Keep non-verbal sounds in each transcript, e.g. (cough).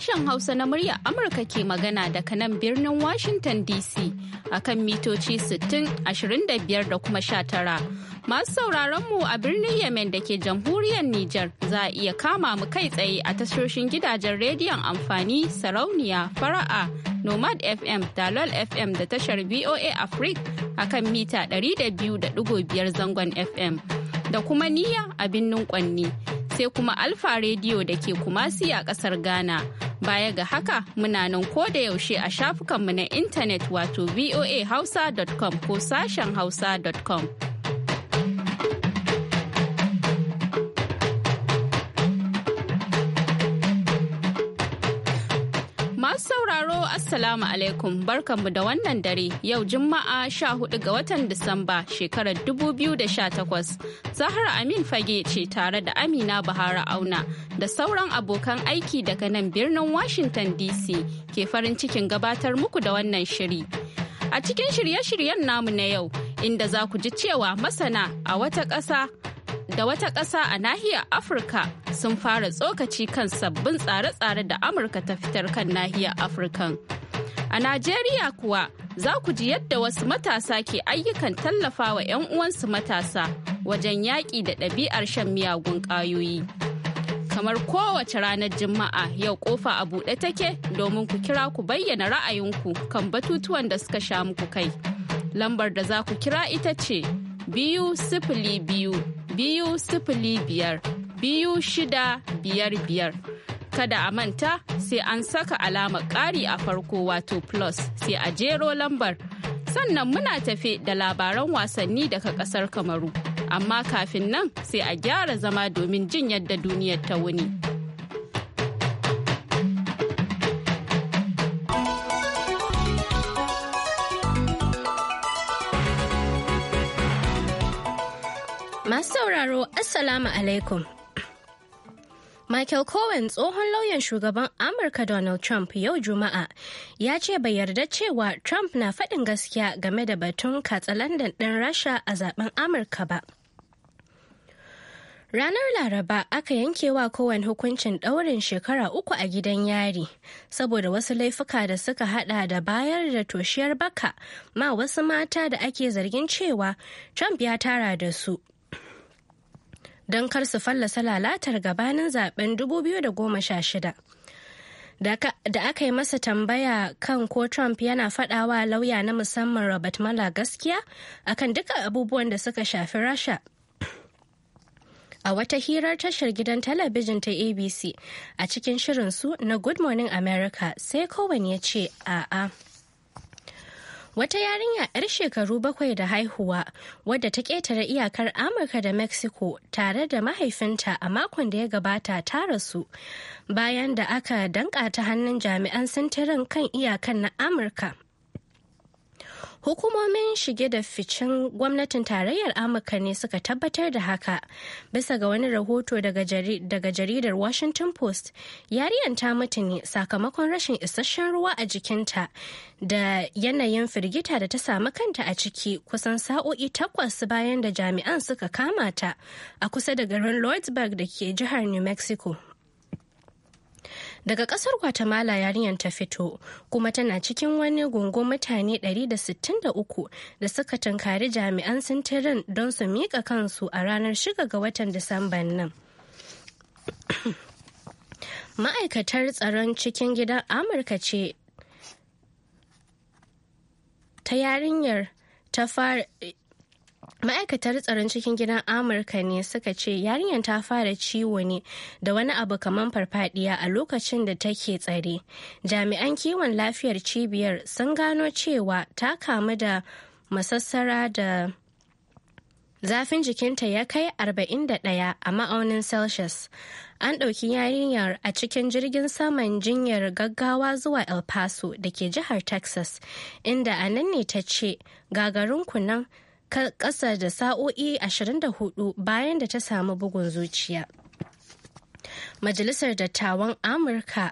sashen Hausa na murya Amurka ke magana daga nan birnin Washington DC a kan mitoci 60, 25 da kuma 19. Masu sauraronmu a birnin Yemen da ke jamhuriyar Nijar za a iya kama mu kai tsaye a tashoshin gidajen rediyon amfani sarauniya fara'a Nomad FM, Dalol FM da tashar VOA Africa a kan mita 200.5 zangon FM da kuma niyya a birnin Kwanni. sai kuma Alfa Radio da ke Kumasi a ƙasar Ghana. Baya ga haka muna nan ko da yaushe a shafukanmu na intanet wato voahausa.com ko sashen hausa.com. Masu sauraro Assalamu alaikum barkanmu da wannan dare yau Juma'a 14 ga watan Disamba shekarar 2018. Zahra Amin Fage ce tare da Amina Bahara Auna da sauran abokan aiki daga nan birnin Washington DC ke farin cikin gabatar muku da wannan shiri. A cikin shirye-shiryen namu na yau inda za ku ji cewa masana a wata ƙasa da wata ƙasa a nahiyar Afirka sun fara tsokaci kan sabbin tsare-tsare da Amurka ta fitar kan nahiyar Afirkan. A Najeriya kuwa za ku ji yadda wasu matasa ke ayyukan tallafawa 'yan uwansu matasa wajen yaƙi da ɗabi'ar shan miyagun ƙayoyi. Kamar kowace ranar Juma'a yau kofa a buɗe take domin ku kira ku bayyana ra'ayinku kan batutuwan da suka sha muku kai. Lambar da za ku kira ita ce biyu sifili biyu biyu sifili biyar biyu shida biyar biyar. Kada a manta sai an saka alamar ƙari a farko wato plus sai a jero lambar. Sannan muna tafe da labaran wasanni daga ƙasar Kamaru. Amma kafin nan sai a gyara zama domin jin yadda duniyar ta wuni. Masu sauraro, Assalamu alaikum. Michael Cohen tsohon lauyan shugaban Amurka Donald Trump yau Juma'a ya ce bai yarda cewa Trump na faɗin gaskiya game da batun katsalandan ɗin Rasha a zaben Amurka ba. Ranar Laraba aka yanke wa kowane hukuncin ɗaurin shekara uku a gidan yari saboda wasu laifuka da suka hada da bayar da toshiyar baka ma wasu mata da ake zargin cewa Trump ya tara da su don kar su fallasa lalatar gabanin zaben 2016 da aka yi masa tambaya kan ko trump yana faɗawa lauya na musamman robert Mueller gaskiya akan duka abubuwan da suka shafi rasha a wata hirar tashar gidan talabijin ta abc a cikin shirinsu na good morning america sai kowane ya ce a'a. Wata yarinya 'yar shekaru bakwai da haihuwa wadda ta ƙetare iyakar Amurka da Mexico tare da mahaifinta a makon da ya gabata ta rasu bayan da aka danka ta hannun jami'an sintirin kan iyakan na Amurka Hukumomin shige da ficin gwamnatin tarayyar Amurka ne suka tabbatar da haka. Bisa ga wani rahoto daga jaridar Washington Post, yariyan ta mutu ne sakamakon rashin isasshen ruwa a jikinta da yanayin firgita da ta samu kanta a ciki kusan sa'o'i takwas bayan da jami'an suka kama ta a kusa da garin Lordsburg da ke jihar New Mexico. daga kasar guatemala yarinyar ta fito kuma tana cikin wani gungun mutane 163 da suka tunkari jami'an sintirin don su miƙa kansu a ranar shiga ga watan disamban nan (coughs) ma'aikatar tsaron cikin gidan amurka ce ta yarinyar ta fara ma'aikatar tsaron cikin gidan amurka ne suka ce yarinyar ta fara ciwo ne da wani abu kamar farfadiya a lokacin da take tsare jami'an kiwon lafiyar cibiyar sun gano cewa ta kamu da masassara da zafin jikinta ya kai 41 a ma'aunin celsius an ɗauki yarinyar a cikin jirgin saman jinyar gaggawa zuwa el paso da ke jihar texas inda a nan ne ta ce gagarin nan. ƙasa da sa'o'i 24 bayan da ta samu bugun zuciya. Majalisar Dattawan Amurka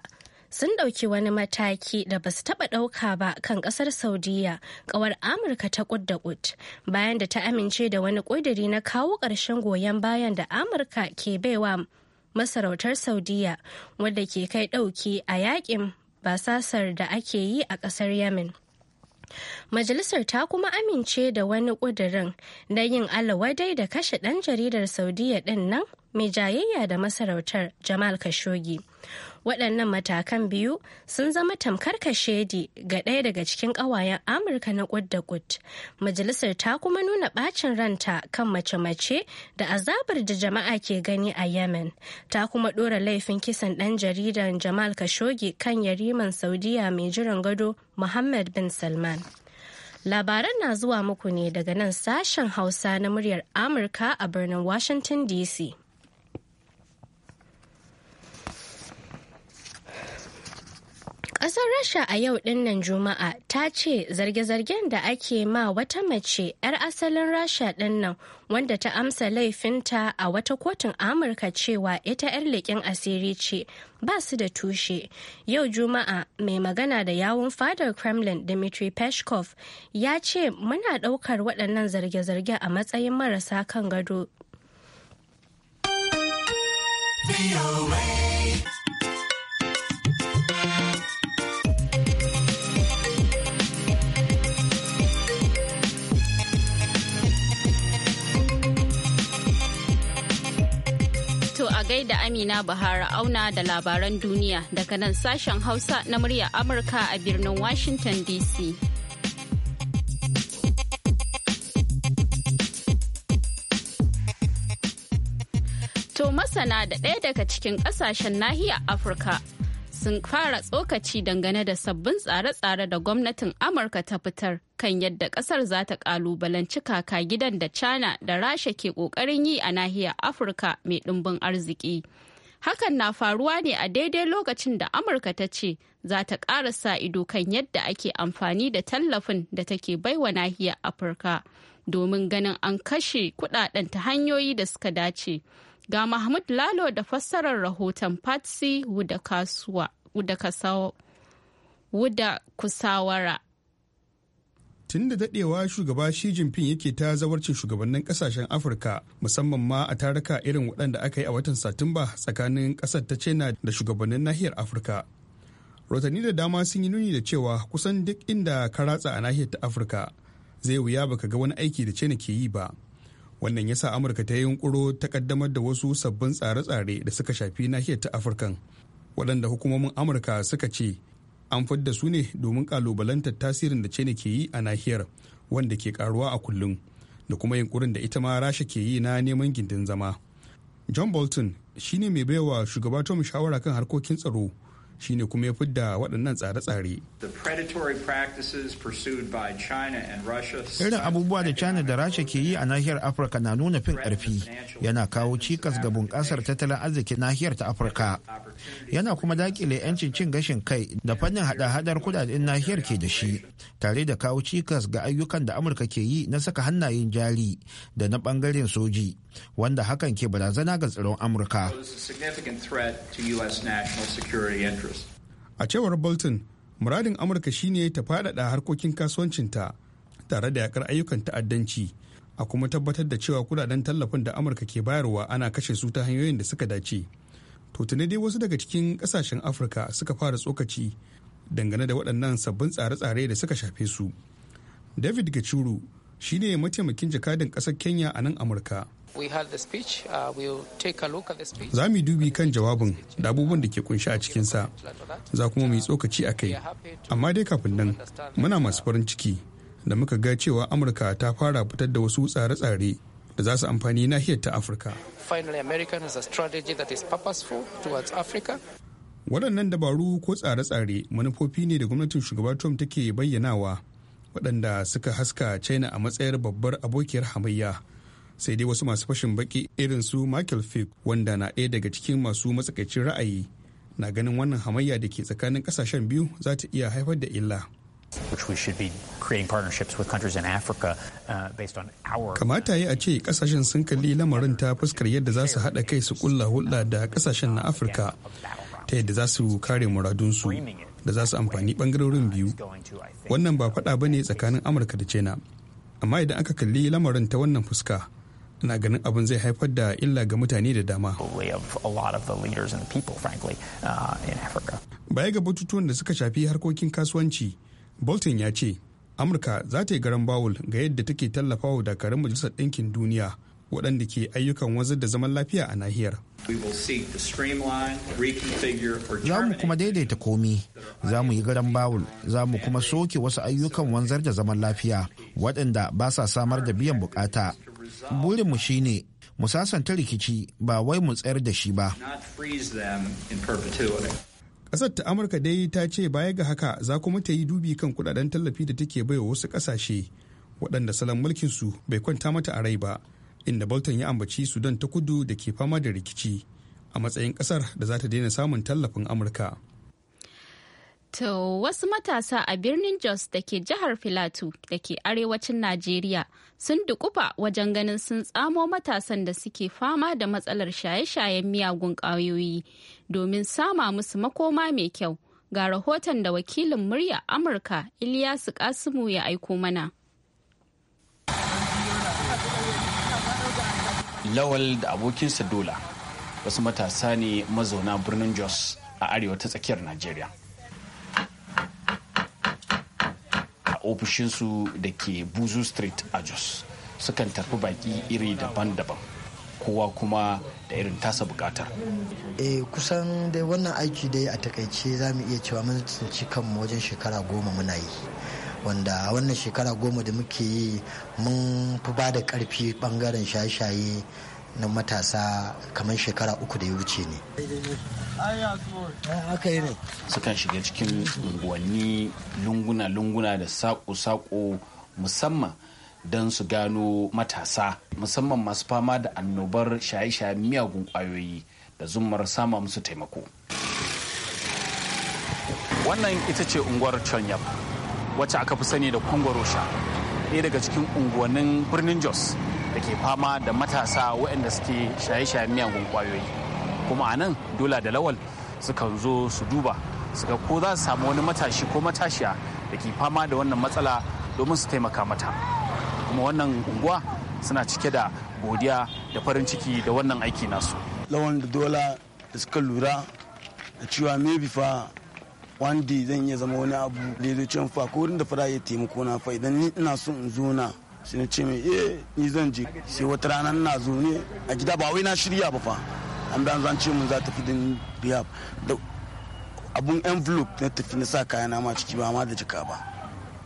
sun ɗauki wani mataki da ba su taɓa ɗauka ba kan ƙasar Saudiya ƙawar Amurka ta ƙud da ƙud bayan da ta amince da wani ƙudiri na kawo ƙarshen goyon bayan da Amurka ke baiwa masarautar Saudiya wadda ke kai ɗauki a yaƙin basasar da ake yi a ƙasar Yemen. Majalisar ta kuma amince da wani ƙudurin na yin alawadai da kashe ɗan jaridar Saudiya ɗin nan mai jayayya da masarautar Jamal Khashoggi. waɗannan matakan biyu sun zama tamkar kashedi ga ɗaya daga cikin ƙawayen amurka na ƙud da ƙud majalisar ta kuma nuna ɓacin ranta kan mace-mace da azabar da jama'a ke gani a yemen ta kuma ɗora laifin kisan ɗan jaridan jamal khashoggi kan yariman saudiya mai jiran gado muhammad bin salman labaran na zuwa muku ne daga nan sashen hausa na muryar amurka a birnin washington dc Ƙasar Rasha a yau ɗinnan Juma'a ta ce zarge-zargen da ake ma wata mace 'yar asalin Rasha ɗinnan wanda ta amsa laifinta a wata kotun Amurka cewa ita 'yar leƙen asiri ce ba su da tushe. Yau Juma'a mai magana da yawun fadar Kremlin Dmitry Peshkov ya ce muna ɗaukar waɗannan zarge-zarge a matsayin marasa kan gado. a gaida Amina Bahara Auna da labaran duniya daga nan sashen Hausa na murya Amurka a birnin Washington DC. To masana da ɗaya daga cikin ƙasashen nahiyar Afirka sun fara tsokaci dangane da sabbin tsare-tsare da gwamnatin amurka ta fitar kan yadda kasar za ta kalubalanci kaka gidan da china da rasha ke kokarin yi a nahiyar afirka mai ɗimbin arziki hakan na faruwa ne a daidai lokacin da amurka ta ce za ta ƙara sa ido kan yadda ake amfani da tallafin da take baiwa nahiyar afirka domin ganin an kashe kudaden ta hanyoyi da suka dace Ga Mahmud Lalo da fassarar rahoton Patsy Wuda Kusawara. tun da dadewa shugaba Xi Jinping yake ta zawarcin shugabannin kasashen Afirka musamman ma a taruka irin waɗanda aka yi a watan Satumba tsakanin ƙasar ta China da shugabannin nahiyar Afirka. Rotanni da dama sun yi nuni da cewa kusan duk inda ka ratsa a nahiyar ta Afirka zai wuya baka ga wani aiki da China ke yi ba. wannan ya sa amurka ta yi yunkuro ta kaddamar da wasu sabbin tsare-tsare da suka shafi nahiyar ta afirkan waɗanda hukumomin amurka suka ce an fidda su ne domin kalubalantar tasirin da china ke yi a nahiyar wanda ke karuwa a kullum da kuma yunkurin da ita ma rasha ke yi na neman gindin zama john bolton shine mai baiwa shugaba tom shawara kan harkokin tsaro shine kuma ya fidda waɗannan tsare-tsare. Irin abubuwa da China da Rasha ke yi a nahiyar Afirka na nuna fin ƙarfi yana kawo cikas ga bunƙasar tattalin arzikin nahiyar ta Afirka. Yana kuma daƙile 'yancin cin gashin kai da fannin hada-hadar kudaden nahiyar ke da shi, tare da kawo cikas ga ayyukan da Amurka ke yi na saka hannayen jari da na ɓangaren soji, wanda hakan ke barazana ga tsaron Amurka. a cewar bolton muradin amurka shine ta faɗaɗa harkokin kasuwancinta tare da yakar ayyukan ta'addanci a kuma tabbatar da cewa kudaden tallafin da amurka ke bayarwa ana kashe su ta hanyoyin da suka dace to tuni dai wasu daga cikin kasashen afirka suka fara tsokaci dangane da waɗannan sabbin tsare-tsare da suka shafe su david gachuru shine mataimakin jakadin ƙasar kenya a nan amurka Uh, za mu yi dubi kan jawabin da abubuwan da ke kunshi a cikinsa, za kuma mu yi tsokaci a kai. Amma dai kafin nan, muna masu farin ciki da muka ga cewa Amurka ta fara fitar da wasu tsare-tsare da za su amfani nahiyar ta Afirka. Waɗannan dabaru ko tsare-tsare manufofi ne da gwamnatin shugaba Trump take bayyanawa waɗanda suka haska China a matsayar babbar abokiyar hamayya. sai dai wasu masu fashin baki irin su michael fick wanda na ɗaya daga cikin masu matsakaicin ra'ayi na ganin wannan hamayya da ke tsakanin kasashen biyu za ta iya haifar da illa uh, kamata yi a ce kasashen sun kalli lamarin ta fuskar yadda za su haɗa kai su kulla hulɗa da kasashen na afirka ta yadda za su kare muradunsu da za su amfani ɓangarorin biyu wannan ba faɗa ba ne tsakanin amurka da china amma idan aka kalli lamarin ta wannan fuska na ganin abin zai haifar da illa ga mutane da dama. Uh, Baya ga batutuwan da suka shafi harkokin kasuwanci, Bolton ya ce, Amurka za ta yi garan bawul ga yadda take tallafawa dakarun Majalisar Ɗinkin Duniya waɗanda ke ayyukan wazar da zaman lafiya a nahiyar. Za mu kuma daidaita komi, za mu yi garan bawul, za mu kuma soke wasu ayyukan wanzar da zaman lafiya waɗanda ba sa samar da biyan bukata burinmu shine mu sasanta rikici ba wai mu tsayar da shi ba ƙasar ta amurka dai ta ce baya ga haka za kuma ta yi dubi kan kudaden tallafi da take baiwa wasu ƙasashe waɗanda salon mulkinsu bai kwanta mata a rai ba inda bolton ya ambaci sudan ta kudu da ke fama da rikici a matsayin ƙasar da za ta daina samun tallafin amurka To wasu matasa a birnin Jos da ke jihar Filatu da ke arewacin Najeriya sun dukufa wajen ganin sun tsamo matasan da suke fama da matsalar shaye-shayen miyagun ƙwayoyi domin sama musu makoma mai kyau. Ga rahoton da wakilin murya Amurka Ilyasu Kasimu ya aiko mana. Lawal da abokinsa Dola wasu matasa ne mazauna birnin Jos a arewa ta tsakiyar Najeriya. ofishinsu da ke buzu street a jos sukan tarfi baki iri daban-daban kowa kuma da irin tasa bukatar. eh kusan dai wannan aiki dai a takaice za mu iya cewa mun tsinci kanmu wajen shekara goma muna yi wanda wannan shekara goma da muke yi mun fi ba da karfi bangaren shaye-shaye na matasa kamar shekara uku da ya wuce ne haka sukan shiga cikin unguwanni lunguna-lunguna da saƙo-saƙo musamman don su gano matasa musamman masu fama da annobar shaye-shaye miyagun ƙwayoyi da zumar sama musu taimako wannan ita ce unguwar chonyap wacce aka fi sani da kwangwarosha ɗaya daga cikin unguwannin birnin jos da ke fama da matasa waɗanda suke shaye-shayen miyagun kwayoyi kuma a nan dola da lawal sukan zo su duba suka ko za su samu wani matashi ko matashiya da ke fama da wannan matsala domin su taimaka mata kuma wannan unguwa suna cike da godiya da farin ciki da wannan aiki nasu lawan da dola da suka lura da cewa maybe fa wanda zan iya zama wani abu da ya zo fa ko da fara ya taimako na fa idan ni ina son in zo na sai ce mai eh ni zan je sai wata rana na zo ne a gida ba wai na shirya ba fa an dan zan ce mun za ta fi biya da abun envelope na tafi na sa kayana ma ciki ba ma da jika ba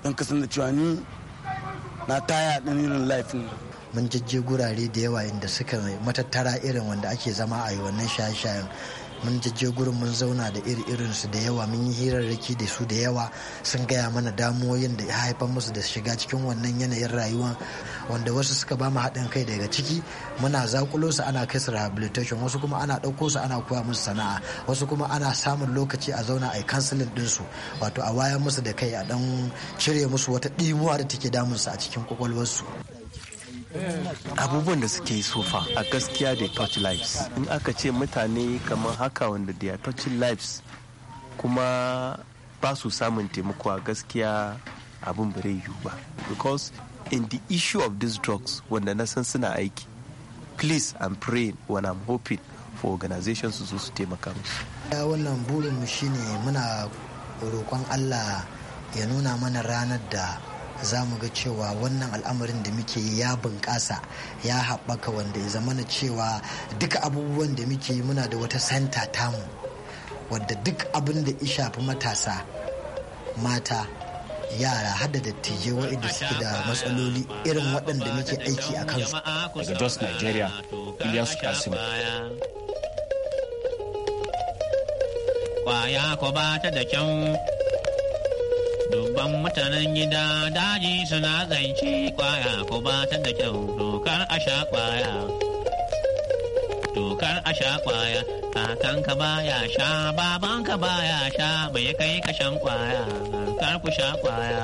dan kasan da cewa ni na taya ɗan irin life mun jajje gurare da yawa inda suka matattara irin wanda ake zama a yi wannan shaye-shayen mun jajje gurin mun zauna da iri su da yawa mun yi hirarraki da su da yawa sun gaya mana damuwoyin da ya haifar musu da shiga cikin wannan yanayin rayuwa wanda wasu suka ba mu haɗin kai daga ciki muna zakulo su ana kai su rehabilitation wasu kuma ana ɗauko su ana koya musu sana'a wasu kuma ana samun lokaci a zauna a din su wato a wayar musu da kai a ɗan cire musu wata ɗimuwa da take damunsu a cikin kwakwalwarsu. abubuwan da suke yi sofa a gaskiya da touch lives in aka ce mutane kamar haka wanda da touch lives kuma ba su samun taimako a gaskiya abin bare yiwu ba because in the issue of these drugs wanda na san suna aiki please i'm praying when i'm hoping for organizations su su taimaka musu wannan burin mu shine muna roƙon allah ya nuna mana ranar da za mu ga cewa wannan al'amarin da muke yi ya bunƙasa ya haɓaka wanda ya zamana cewa duka abubuwan da muke yi muna da wata santa tamu wadda duk abin da ya shafi matasa mata yara hada dattijai waɗanda suke da matsaloli irin waɗanda muke aiki a kansu. Daga Jos Nigeria, Ilyas Kasim. Kwaya ko ba ta da kyau dubban mutanen gida daji suna zance kwaya ko ba ta da kyau dokar a sha kwaya dokar a sha kwaya kakanka baya sha babanka baya sha bai kai kashan kwaya kar ku sha kwaya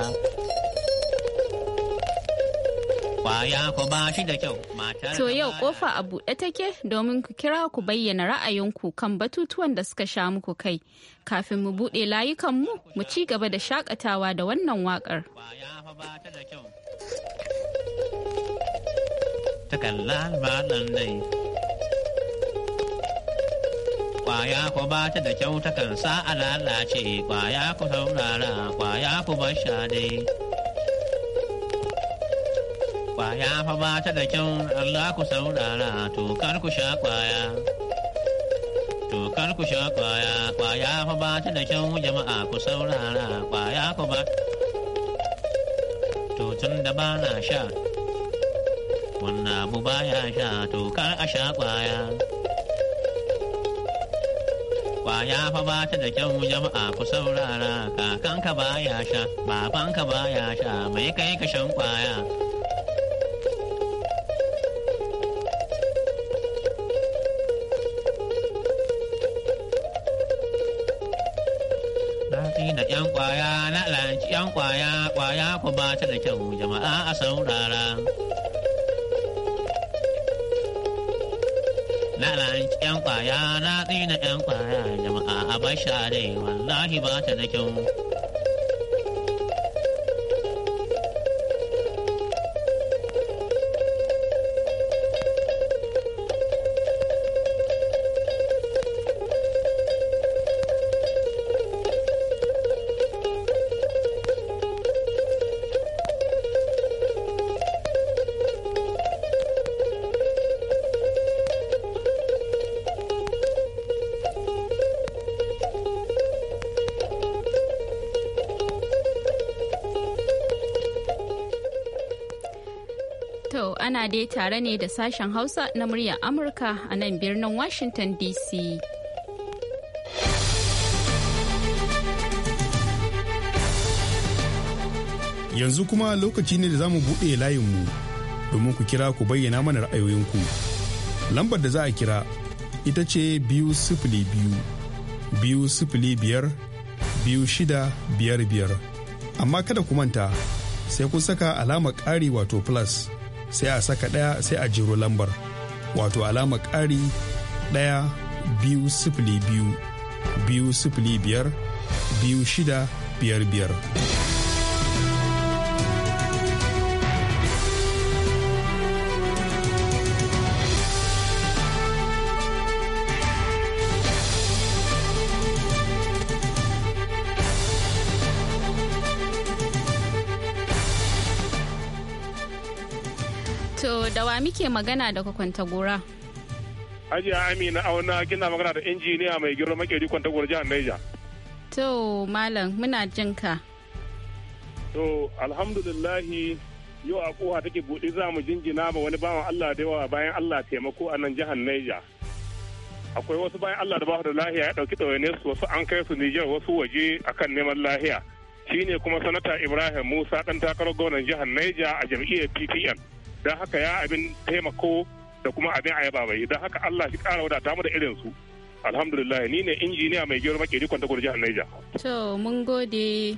kwaya ku ba shi da kyau to yau kofa a buɗe take domin ku kira ku bayyana ra'ayinku kan batutuwan da suka sha muku kai kafin mu buɗe layukanmu mu ci gaba da shakatawa da wannan waƙar. Kwaya ku ba ta da kyau takan sa a lalace, kwaya ku saurara, kwaya ku bar sha ya fa ba ta da kyau Allah ku saurara to kar ku sha kwaya. To kar ku sha kwaya kwaya fa ba ta da kyau jama'a ku saurara kwaya ku ba. To tun da ba na sha wannan abu ba ya sha to kar a sha kwaya. kwaya fa ba ta da kyau jama'a ku saurara kakanka ba ya sha babanka ba ya sha mai kai ka shan kwaya watsi da 'yan kwaya na lanci 'yan kwaya kwaya ku ba ta da kyau jama'a a saurara. Na lanci 'yan kwaya na tsina 'yan kwaya jama'a a a dai wallahi ba ta da kyau. dai tare ne da sashen Hausa na murya Amurka a nan birnin Washington DC. Yanzu kuma lokaci ne da za mu buɗe layinmu domin ku kira ku bayyana mana ra'ayoyinku. Lambar da za a kira ita ce biyu sifili biyu, biyu sifili biyar, biyu shida biyar biyar. Amma kada ku manta sai kun saka alamar ƙari wato plus. sai a saka ɗaya sai a jiro lambar wato alama ƙari ɗaya biyu sifili biyu biyu sifili biyar biyu shida biyar biyar. muke magana daga Kwantagora? Hajiya Amina Auna kina magana da injiniya mai girma makeri gora jihar Niger. To malam muna jin ka. To alhamdulillahi yau a kowa take buɗe za mu jinjina ma wani bawan Allah da yawa bayan Allah taimako a nan jihar Niger. Akwai wasu bayan Allah da ba da lahiya ya ɗauki ne su wasu an kai su Nijar wasu waje akan neman lahiya. shi ne kuma sanata Ibrahim Musa ɗan takarar gwamnan jihar Niger a jam'iyyar PPN. don haka ya abin taimako da kuma abin ayaba bai don haka Allah shi kara wadata mu da irin su alhamdulillah ni ne injiniya mai girma ke rikon takwar jihar Niger. To mun gode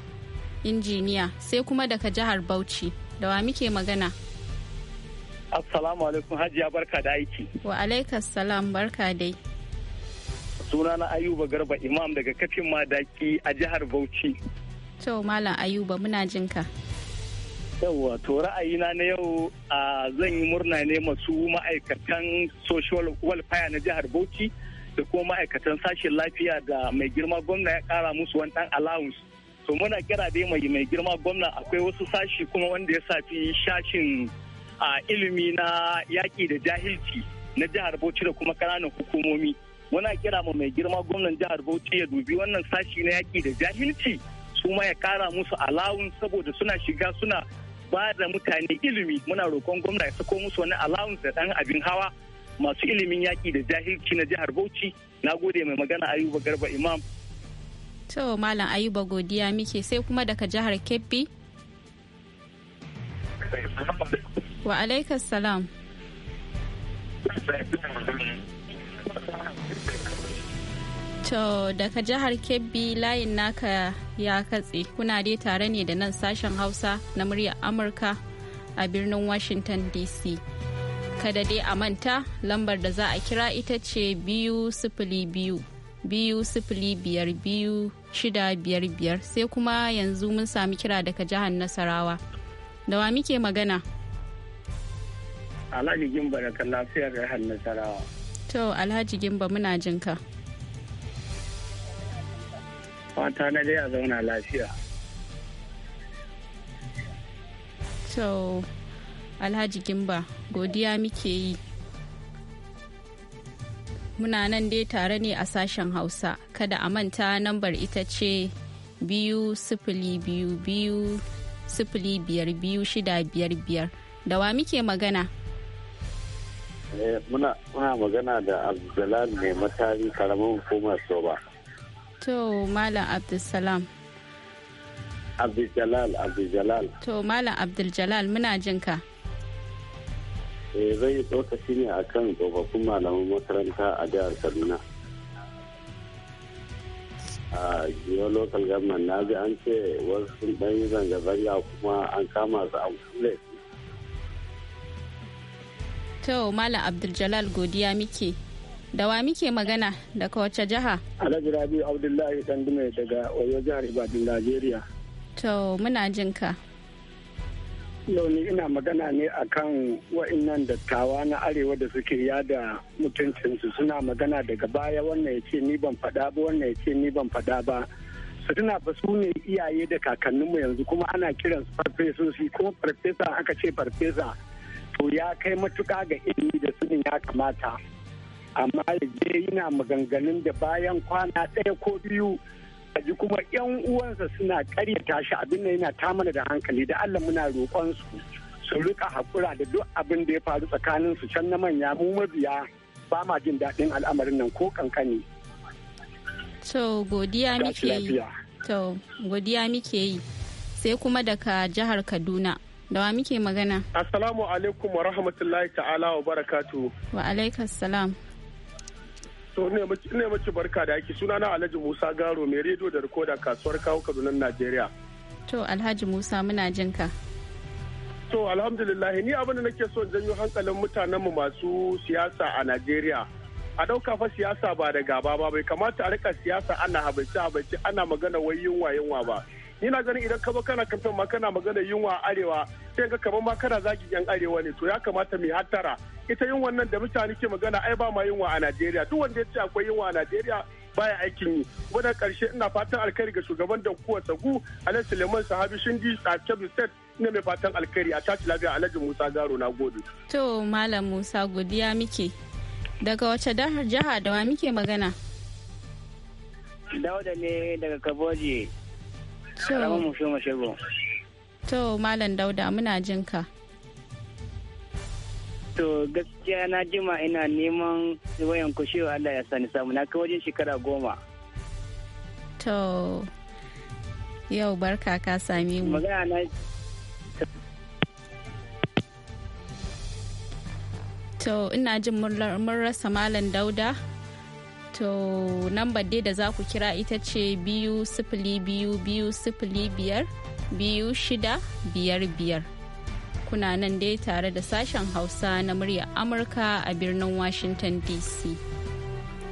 injiniya sai kuma daga jihar Bauchi da wa muke magana. Assalamu alaikum hajiya barka da aiki. Wa alaikas salam barka dai. na Ayuba Garba Imam daga kafin madaki a jihar Bauchi. To Malam Ayuba muna jinka. ka. yawwa to ra'ayina na yau a zan yi murna ne masu ma'aikatan social welfare na jihar bauchi da kuma ma'aikatan sashen lafiya da mai girma gwamna ya kara musu wani dan allowance to muna kira dai mai mai girma gwamna akwai wasu sashi kuma wanda ya safi shashin a ilimi na yaƙi da jahilci na jihar bauchi da kuma ƙananan hukumomi muna kira ma mai girma gwamnan jihar bauchi ya dubi wannan sashi na yaƙi da jahilci su ma ya kara musu alawun saboda suna shiga suna ba da mutane ilimi muna roƙon gwamna ya sako musu wani allowance da ɗan abin hawa masu ilimin yaƙi da jahilci na jihar Bauchi na gode mai magana Ayuba Garba Imam. To Malam Ayuba godiya muke sai kuma daga jihar Kebbi. Wa alaikas salam. To daga jihar Kebbi layin naka ya katse kuna dai tare ne da nan sashen Hausa na muryar Amurka a birnin Washington DC. Kada dai a manta lambar da za a kira ita ce biyu sifili biyu biyu sifili biyar biyu shida biyar biyar sai kuma yanzu mun sami kira daga jihar Nasarawa. Da wa muke magana? Alhaji Gimba daga lafiyar jihar Nasarawa. To Alhaji Gimba muna jinka. ka. fata na dai a zauna lafiya so alhaji gimba godiya muke yi muna nan dai tare ne a sashen hausa kada a manta nambar ita ce biyu sifili biyu biyu sifili biyar biyu shida biyar biyar da muke magana eh, muna magana da abdullahi mai matari karamin hukumar soba To Malam Abdulsalam. abdul Abdulsalam. To Malam Abdulsalam muna jin ka. Eh zai yi tsokaci ne a kan tsofaffin malaman makaranta a jihar Kaduna. A Jiyo Local Government na bi an ce wasu sun ɗan yi zanga-zanga kuma an kama su a kule. To Malam jalal godiya muke. Da wa muke magana daga wace jiha? Alhaji Rabi Abdullahi Dandume daga Oyo jihar Ibadan Najeriya. To muna jin Yau ni ina magana ne akan wa'innan dattawa na arewa da suke yada mutuncinsu suna magana daga baya wannan ya ce ni ban faɗa ba wannan ya ce ni ban faɗa ba. su tuna ba su ne iyaye da kakanninmu yanzu kuma ana kiran su farfesoshi kuma farfesa aka ce farfesa to ya kai matuka ga ilimi da sunin ya kamata. amma yaje je yana maganganun da bayan kwana ɗaya ko biyu a ji kuma yan uwansa suna karyata shi abin da yana tamana da hankali da Allah muna roƙon su su rika haƙura da duk abin da ya faru tsakanin su can na manya mu mabiya ba ma jin daɗin al'amarin nan ko kankani. To godiya muke yi. To godiya muke yi. Sai kuma daga jihar Kaduna. Da wa muke magana? Assalamu alaikum wa rahmatullahi ta'ala wa barakatu. Wa alaikassalam. salam. So ne mace barka da ake na Alhaji Musa Garo mai rediyo da rikoda kasuwar kawo Kaduna Najeriya. To Alhaji Musa muna jin ka. To alhamdulillah ni abin da nake so janyo hankalin mutanen mu masu siyasa a Najeriya. A ɗauka fa siyasa ba da gaba ba bai kamata a rika siyasa ana habaice habaice ana magana wai yunwa yunwa ba. Ni na ganin idan ka ba kana kamfen ma kana magana yunwa arewa sai ga kamar ma kana zagi yan arewa ne to ya kamata mu hattara ita yin wannan da mutane ke magana ai ba ma wa a Najeriya duk wanda ya ce akwai wa a Najeriya baya aikin yi wadda karshe ina fatan alkhairi ga shugaban da kuwa sagu alhaji suleiman sahabi shindi a kebbi state ina mai fatan alkhairi a tashi lafiya alhaji musa garo na gode. to malam musa godiya muke daga wace jaha da wa muke magana. dauda ne daga kaboji. to malam dauda muna jinka. ka. To gaskiya na jima ina neman wayan kushewa Allah ya sani samu na kai wajen shekara goma. To yau barka ka sami mu. Magana To ina jin mun rasa Malam Dauda. To lambar dai da za ku kira ita ce biyu sifili biyu biyu sifili biyar biyu shida biyar biyar. kuna nan dai tare da sashen Hausa na murya Amurka a birnin Washington DC.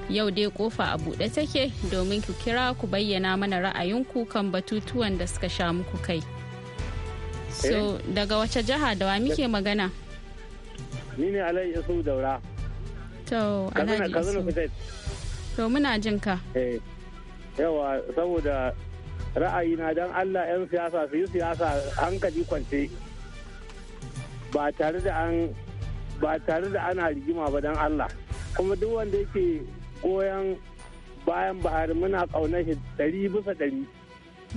Yau dai kofa a buɗe take domin ku kira ku bayyana mana ra'ayinku kan batutuwan da suka sha muku kai. So eh? daga wace jiha da wa muke magana? Ni ne alai Isu Daura. To, alai Isu. To muna jin ka. Eh, yawa saboda ra'ayi na don Allah 'yan siyasa su yi siyasa hankali kwance. ba tare da an ba tare da ana rigima ba don Allah kuma duk wanda yake goyon bayan bahari muna ƙaunar shi ɗari bisa ɗari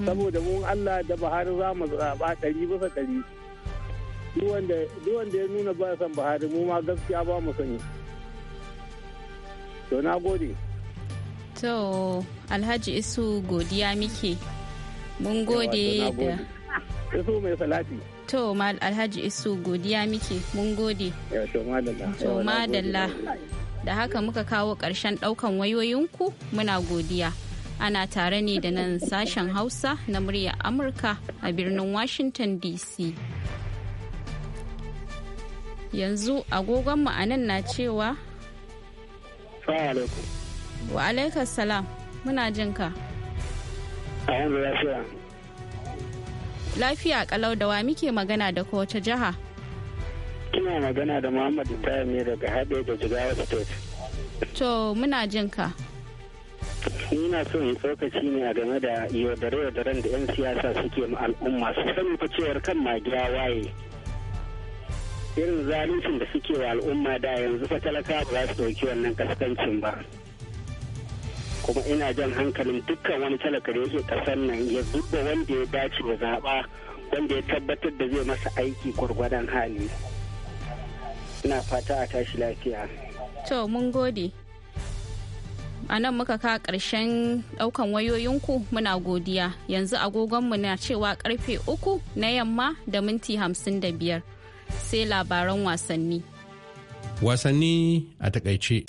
saboda mun Allah da bahari za mu zaɓa ɗari bisa ɗari duk wanda ya nuna ba san bahari mu ma gaskiya ba mu sani to na gode to Alhaji Isu godiya muke mun gode da Isu mai salati To mal Alhaji Isu godiya muke mun gode. To madalla. Da haka muka kawo ƙarshen ɗaukan wayoyinku muna godiya. Ana tare ne da nan sashen Hausa na muryar Amurka a birnin Washington DC. Yanzu agogonmu a nan na cewa. Wa alaikar salam muna jinka. A yanzu lafiya. Lafiya kalau da muke magana da ko wata jiha? kina magana da Muhammad Taya ne daga Haɗe da Jigawa State. To muna jin ka. ina so in tsokaci ne a game da yaudare-yaudaren da 'yan siyasa suke ma al'umma su sani fa cewar kan magiya waye irin zaluncin da suke wa al'umma da yanzu fa talaka ba su ɗauki wannan kaskancin ba kuma ina jan hankalin dukkan wani talaka da yake kasar nan ya zuba wanda ya dace da zaɓa wanda ya tabbatar da zai masa aiki gwargwadon hali ina fata a tashi lafiya to mun gode a nan muka kawo ƙarshen ɗaukan wayoyinku muna godiya yanzu agogonmu na cewa karfe uku na yamma da minti hamsin da biyar sai labaran wasanni wasanni a takaice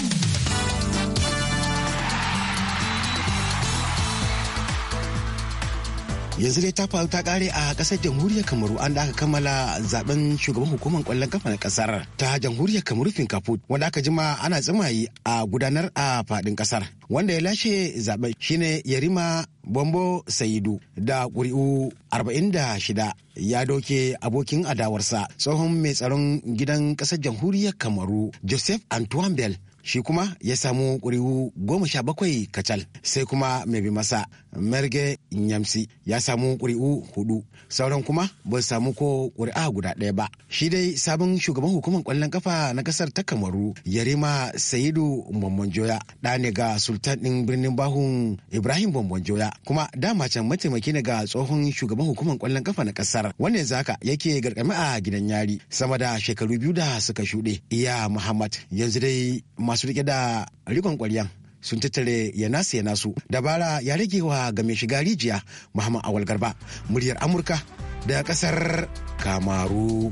yanzu dai ta faru ta kare a kasar jamhuriyar kamaru an da aka kammala zaben shugaban hukumar kwallon kafa na kasar ta jamhuriyar kamaru finkafut wanda aka jima ana tsimayi a gudanar a fadin kasar wanda ya lashe zaben shine yarima bombo saidu da ƙuri'u 46 ya doke abokin adawarsa tsohon mai tsaron gidan kasar jamhuriyar kamaru joseph antoine bell shi kuma ya samu ƙuri'u goma sha bakwai kacal sai kuma mai bi masa merge nyamsi ya samu ƙuri'u hudu sauran kuma ba su samu ko ƙuri'a guda ɗaya ba shi dai sabon shugaban hukumar kwallon kafa na ƙasar ta kamaru yarima saidu bambanjoya da ne ga sultan ɗin birnin bahun ibrahim bambonjoya kuma dama can mataimaki ne ga tsohon shugaban hukumar kwallon kafa na ƙasar wanda yanzu haka yake garkame a gidan yari sama da shekaru biyu da suka shuɗe iya muhammad yanzu dai masu riƙe da rikon ƙwaryan sun tattare ya nasu ya nasu dabara ya rage wa ga mai shiga rijiya muhammad awal garba muryar amurka da kasar kamaru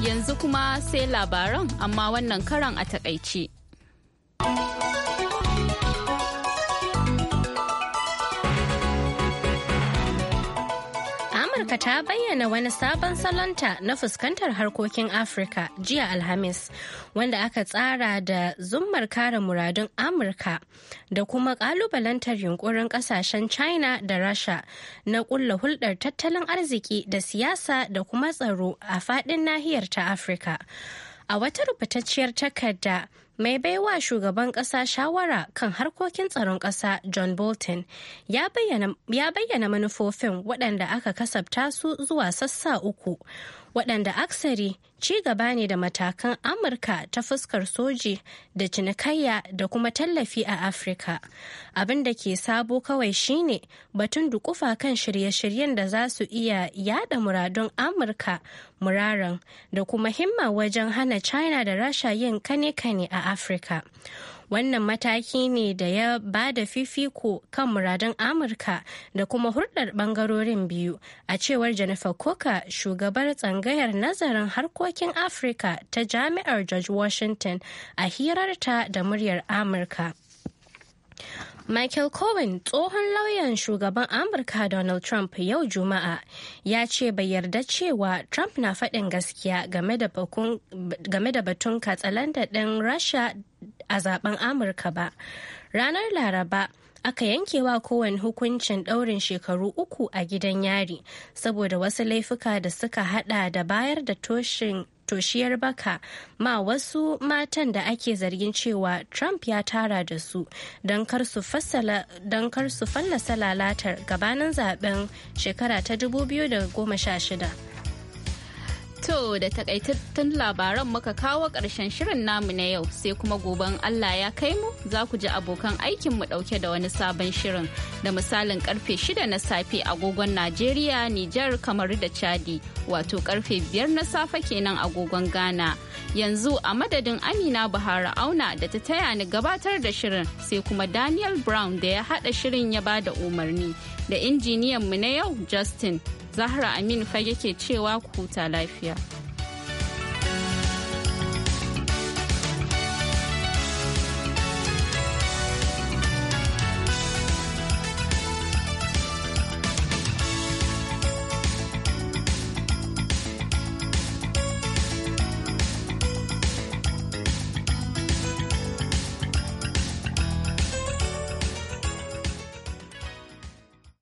yanzu kuma sai labaran amma wannan karan a takaice. Amurka ta bayyana wani sabon salonta na fuskantar harkokin Afirka jiya Alhamis, wanda aka tsara da zummar kare muradun Amurka da kuma kalubalantar yunkurin kasashen China da Rasha na kulla hulɗar tattalin arziki da siyasa da kuma tsaro a faɗin nahiyar ta Afirka. A wata rubutacciyar takarda. mai baiwa shugaban kasa shawara kan harkokin tsaron kasa john bolton ya bayyana manufofin waɗanda aka kasabta su zuwa sassa uku waɗanda aksari ci gaba ne da matakan amurka ta fuskar soji da cinikayya da kuma tallafi a afirka abin da ke sabo kawai shine batun dukufa kan shirye-shiryen da za su iya yada muradun amurka muraran da kuma himma wajen hana china da rasha yin kane-kane a afirka wannan mataki ne da ya ba da fifiko kan muradun amurka da kuma hulɗar ɓangarorin biyu a cewar jennifer koka shugabar tsangayar nazarin harkokin afirka ta jami'ar george washington a hirarta da muryar amurka Michael Cohen tsohon lauyan shugaban Amurka Donald Trump yau Juma'a ya ce bai yarda cewa Trump na faɗin gaskiya game da batun katsalanta ɗin Rasha a zaben Amurka ba. Ranar Laraba aka yankewa kowane hukuncin ɗaurin shekaru uku a gidan yari saboda wasu laifuka da suka hada da bayar da toshin toshiyar baka ma wasu matan da ake zargin cewa trump ya tara da su don kar su fallasa lalatar gabanin zaben shekara ta 2016 To da takaitattun labaran muka kawo ƙarshen shirin namu na yau sai kuma goben Allah ya kai mu za ku ji abokan aikin mu ɗauke da wani sabon shirin da misalin karfe shida na safe agogon Najeriya, Nijar, kamar da Chadi wato karfe biyar na safe kenan agogon Ghana. Yanzu a madadin Amina Bahara Auna da ta taya ni gabatar da shirin sai kuma Daniel Brown da ya haɗa shirin ya ba da umarni da injiniyan mu na yau Justin. Zahra Aminu fage ke cewa ku huta lafiya.